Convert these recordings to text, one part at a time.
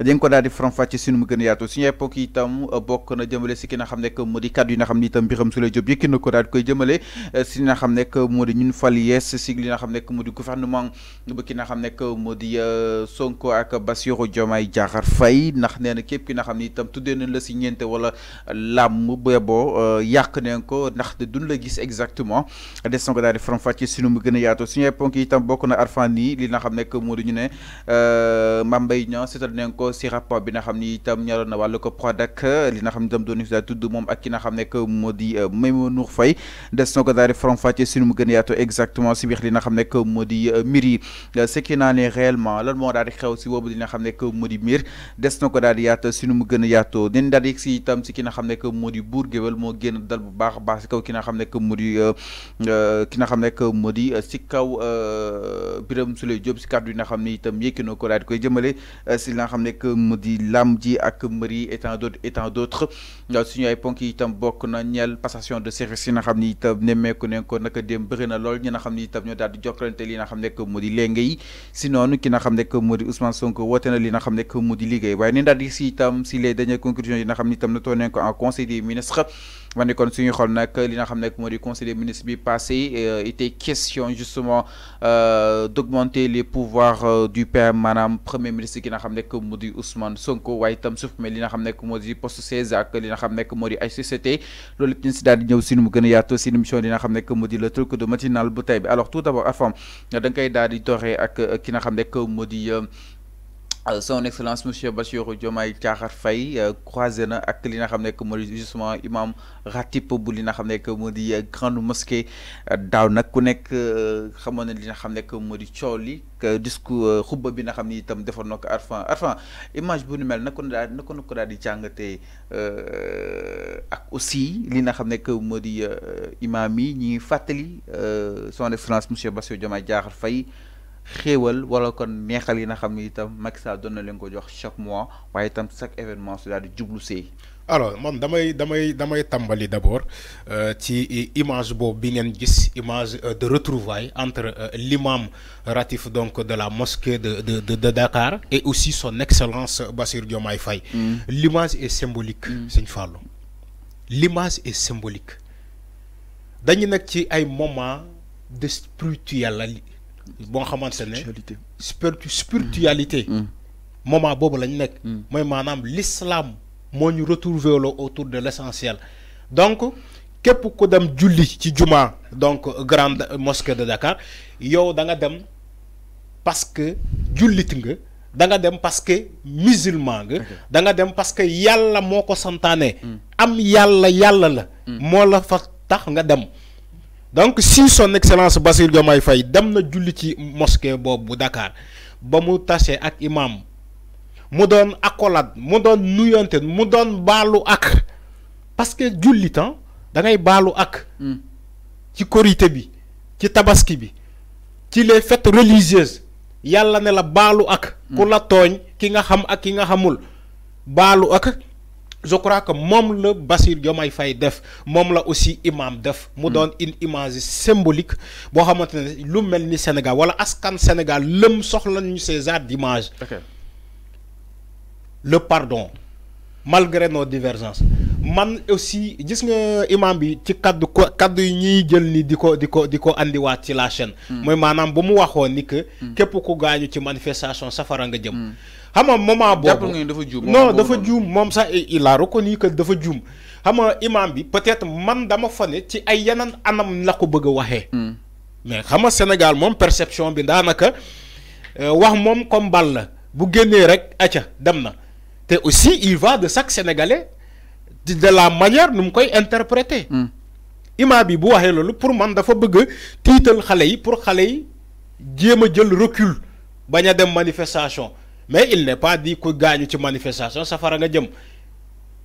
dañ ko daal di faram-fàcce si nu mu gën a yaatu suñu époque itam euh, bokk na jëmale si ki nga xam ne moo di kàddu yi nga xam ne itam Birame Souleye Diop yëkki na ko daal di koy jëmale euh, si li nga xam ne moo di ñun fal yees si li nga xam ne moo di gouvernement ba ki nga xam ne moo di euh, Sonko ak Bassirou Diomaye Diakhar Faye ndax nee na képp ki nga xam ne itam tuddee nañ la si ñeente wala làmm bebo yàq nañ ko ndax duñ la gis exactement des na daal di faram-fàcce si nu mu gën a yaatu suñu époque bokk na Arfan yi li nga xam ne moo di ñu ne Mame Mbaye Niang seetal nañ aussi rapport bi nga xamni ni itam ñoroon na walu ko Prodac li nga xamni ne itam doon si tuddu mom ak ki nga xamne ko modi moo di Maimour Faye des na ko daal di faram mu gën yaato exactement si bix li nga xamne ko modi miri ce qui n'en est réellement lan mo daal xew si bobu li nga xamne ko modi mir des na ko mu gën yaato den dinañ si itam si ki nga xamne ko modi bourguewel mo gën dal bu baax baax ci kaw ki nga xamne ko modi ki nga xamne ko modi si kaw biram sulay job si kàddu nga xam itam ko daal koy jëmele si nga xamne rek Modi di ak mbëri et tant d'autres et tant d'autres suñu ay ponk yi itam bokk na ñeel passation de service yi nga xamni tam némé ko nañ ko naka dem bëri na lool ñi nga xam ni itam ñoo daal di jokkalante li nga xam nekk mu di yi si noonu ki nga xam nekk Ousmane Sonko woté na li nga xam nekk mu di ni daal di si tam si les dernières conclusions yi nga xamni tam itam toné ko en conseil des ministres ma ne kon suñu xool nag li nga xam ne moo di conseil des ministres bi passé euh, était question justement euh, d'augmenter les pouvoirs euh, du père madame premier ministre ki n'a xam ne moo di Ousmane Sonko waaye Souf, mais li nga xam ne poste César, ak li nga xam ne moo di ay société loolu lépp ñu si di ñëw si mu gën a yaatoo si mission li nga xam ne le truc de matinal bu bi alors tout d'abord afam da nga koy daal di doxee ak ki nga xam Euh, son excellence monsieur Bassirou Diomaye Diakhar fay euh, croisé na ak li nga xam ne moo di justement imam ratib bu li na xam ne moo di euh, grande mosquée daaw nag ku nekk xamoon na li nga xam ne moo di coow li discours xubba bi nga xam ni itam defoon na ko arfan arfan image bu nu mel na ko daal na ko na ko daal di jàngatee ak aussi li na xam ne moo di imam yi ñi ngi fàttali son excellence monsieur Bassirou Diomaye Diakhar fay xewal wala kon neexal yi nga xam itam Macky Sall na ko jox chaque mois waaye itam chaque événement su dal di jublu sey alors man damay damay damay tambali d'abord abord euh, ci image bob bi ngeen gis image euh, de retrouvailles entre euh, l'imam ratif donc de la mosquée de de de Dakar et aussi son excellence Bassir Diomaye Faye. Mm. l'image est symbolique. Mm. seigne Fallo l'image est symbolique dañu nak ci ay moment de spiritualité bon xamantene spiritualité spiritu spiritualité mm. Mm. moment bobu lañ nek moy mm. manam l'islam mon ñu retrouver lo autour de l'essentiel donc que ku dem julli ci juma donc grande mosquée de Dakar yow da nga dem parce que jullit nga da nga dem parce que musulman nga da nga dem parce que yalla moko santane am yalla yalla la mo la fa tax nga dem donc si son excellence Bassirou Diomaye fay dem na julli ci mosquée boobu bu Dakar ba mu tase ak imam mu doon accolade mu doon nuyonte mu doon baalu ak parce que julli temps da ngay baalu ak hmm. ci korité bi ci tabaski bi ci les fêtes religieuses yàlla ne la baalu ak hmm. ku la tooñ ki nga xam ak ki nga xamul baalu ak je crois que moom le Bassir Diomaye Faye def mom la aussi imam def mu hmm. donne une image symbolique bo xamantene lu melni ni Sénégal wala askan Sénégal lëm soxlan ñu ces arts d'image le pardon malgré nos divergences man aussi gis nga imam bi ci cadre cadre yi ñi jël ni diko diko diko andi di ci la chaîne hmm. mooy manam bu mu waxo ni que hmm. kep ku gañu ci manifestation safara nga jëm xam nga moment boobu dafa juum non dafa juum il a reconnu que dafa juum xama imam bi peut-être man dama fane ci ay yeneen anam la ko bëgg waxé hmm. mais xama Sénégal mom perception bi daanaka euh, wax mom comme bal bu génné rek acca demna té aussi il va de chaque Sénégalais de la manière nous koy interpréter hmm. imam bi bu waxé lolu pour man dafa bëgg titel xalé yi pour xalé yi jéem jël recul baña dem manifestation mais il n'est pas dit ku gagne une manifestation safara nga jëm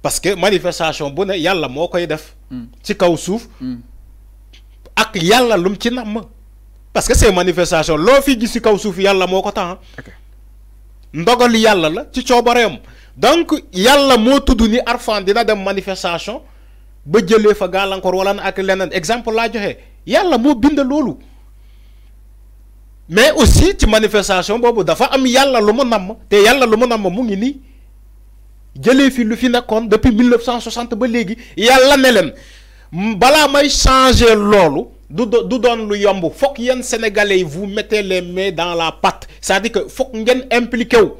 parce que manifestation a la mort moo koy def. Mm. ci kaw suuf. Mm. ak yàlla lum ci namm. parce que ces manifestations loo fi gis ci la suuf yàlla moo ko tax ndogal yàlla la ci coobareem donc yàlla moo tudd d'une arfandé dina dem manifestation ba jëlee fa gàllankoor wala na ak leneen exemple laa joxe yàlla moo de loolu mais aussi ci manifestation bobu dafa am yalla lu mu namm te yalla lu mu namm mu ngi ni jëlee fi lu fi nekkone depuis 1960 ba léegi yalla ne leen balaa may changer lolu du du don lu yomb fok yéen sénégalais vous mettez les mains dans la pâte c'est-à-dire que fok ngeen impliqué wu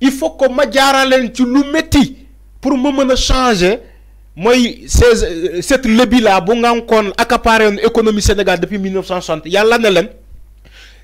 il faut que ma jaaraleen ci lu metti pour ma mën changer. mooy ces euh, cette lobby là bu ngànkoon accaparé woon économie Sénégal depuis cent 1960 yàlla ne leen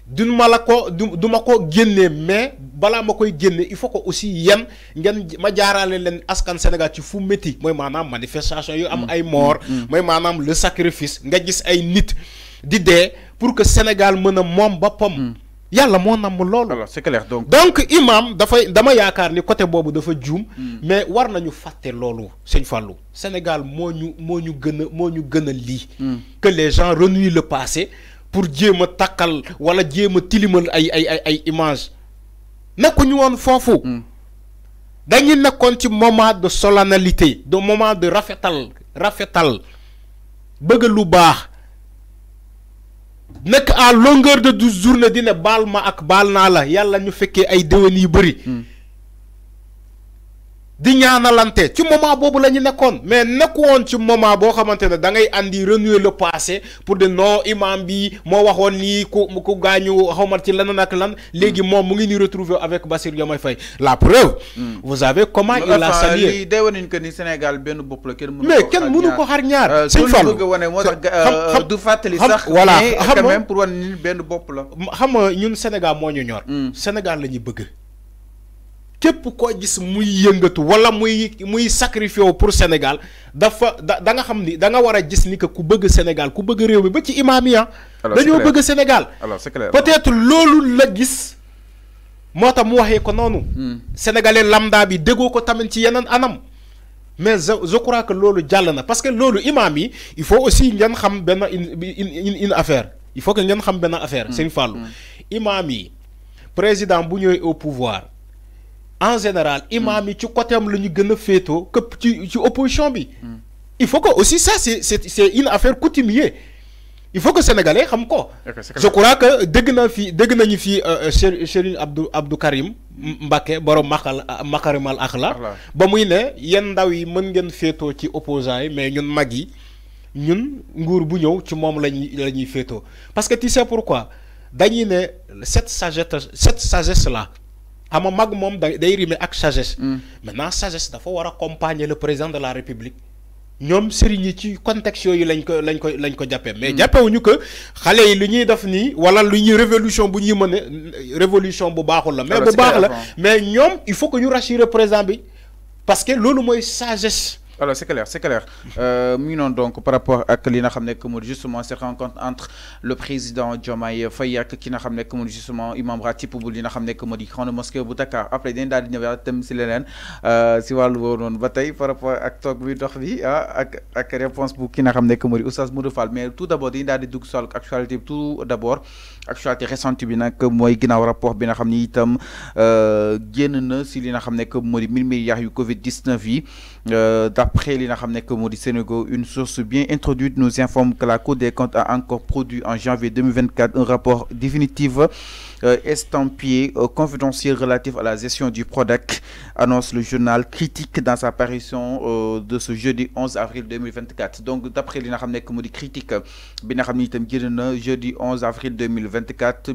duñ ma la ko du du ma ko génnee mais balaa ma koy génne il faut que aussi yéen ngeen ma jaarale leen askan Sénégal ci fu métti mooy maanaam manifestation yu am mm. ay mort mm. mm. mooy maanaam le sacrifice nga gis ay nit di dee pour que Sénégal mën a moom boppam yalla mo namm lolu c'est clair donc. donc imam fay dama yakar ni côté da fa djoum hmm. mais war nañu faté lolu seigne Fallou. Sénégal moñu moñu gëna moñu gëna li hmm. que les gens renouent le passé pour djema takal wala djema tilimal ay ay ay ay images nekkuñu woon fofu hmm. dañu nekkoon ci moment de solennalité de moment de rafetal rafetal bëgg lu baax. nekk à longueur de douze journée dina baal ma ak baal naa la yàlla ñu fekkee ay déwén yu bëri. Hmm. di ñaanalante ci moment boobu la ñu nekkoon mais nekku ci moment boo xamante ne da ngay andi renouer le passé pour de non imam bi moo waxoon lii ku ku gaañu xawma ci lan ak lan léegi moom mu ngi ni retrouver avec Bassirou Diomaye Faye la preuve. Hmm. vous avez comment il a salué day wane que ni Sénégal benn bopp la kenn mais kenn mënu ko xar ñaar. Euh, suñ fal bëgg wane moo tax euh, du fàttali sax. voilà xam nga pour wane ni benn bopp la. xam nga ñun Sénégal moo ñu ñor. Hmm. Sénégal la ñu bëgg képp ko gis muy yëngatu wala muy muy sacrifié pour Sénégal dafa da nga xam ni da nga war a gis ni que ku bëgg Sénégal ku bëgg réew mi ba ci imamia yi ah. dañoo bëgg Sénégal peut-être loolu la gis moo tax mu waxee ko noonu hmm. sénégalais lambda bi déggoo ko tamit ci yeneen anam mais je crois que loolu jàll na parce que loolu imam yi il faut aussi ngeen xam benn une une affaire il faut que ngeen xam benn affaire hmm. Sëñ Fallou hmm. imam yi président bu ñëwee au pouvoir en général imam, yi ci côté am tu ñu gën a féetoo ci ci opposition bi. Hmm. il faut que aussi ça c'est c'est une affaire coutumier il faut que sénégalais xam ko. je crois que dégg naa fi dégg nañu fi euh, euh, Abdou Abdou Karim Mbaké borom makal makarimal ak la ba muy ne yenn ndaw yi mën ngeen feto ci opposants mais ñun mag yi ñun nguur bu ñew ci mom lañuy la ñuy parce que tu sais pourquoi dañuy né cette sagesse cette sagesse là ama mag moom day rimer ak sagesse. Mm. maintenant sagesse dafa war accompagner le président de la république. ñoom sëriñ yi ci contexte yooyu lañ ko lañ ko lañ ko jàppee. mais mm. jàppewuñu que xale yi lu ñuy def nii wala lu ñuy révolution bu ñuy mën révolution bu baaxul la. mais ah, bu baax la mais ñoom il faut que ñu rassurer président bi parce que loolu mooy sagesse alors c'est clair c'est clair Euh, ngi donc par rapport à li nga xam nekk moo justement cette rencontre entre le président Diomaye Faye ak ki jamais xam justement, il di justement imam ratib bu li nga xam nekk moo di grande mosquée bu Dakar après dañ daal di c'est tam si leneen euh, si wàllu woowu noonu par rapport ak toog bi dox bi ah ak réponse pour ki n'a xam nekk moo Oustaz Modou Fall mais tout d'abord dañu daal di dugg si wàllu actualité tout d'abord actualité récente bi nag mooy ginnaaw rapport bi nga xam ni itam euh, génn na si li nga xam nekk moo di mille milliards yu Covid 19 yi euh, après D'après Sénégal, une source bien introduite nous informe que la Cour des comptes a encore produit en janvier 2024 un rapport définitif euh, estampillé euh, confidentiel relatif à la gestion du PRODAC, annonce le journal Critique dans sa parution euh, de ce jeudi 11 avril 2024. Donc, d'après l'Inaramne Critique, jeudi 11 avril 2024,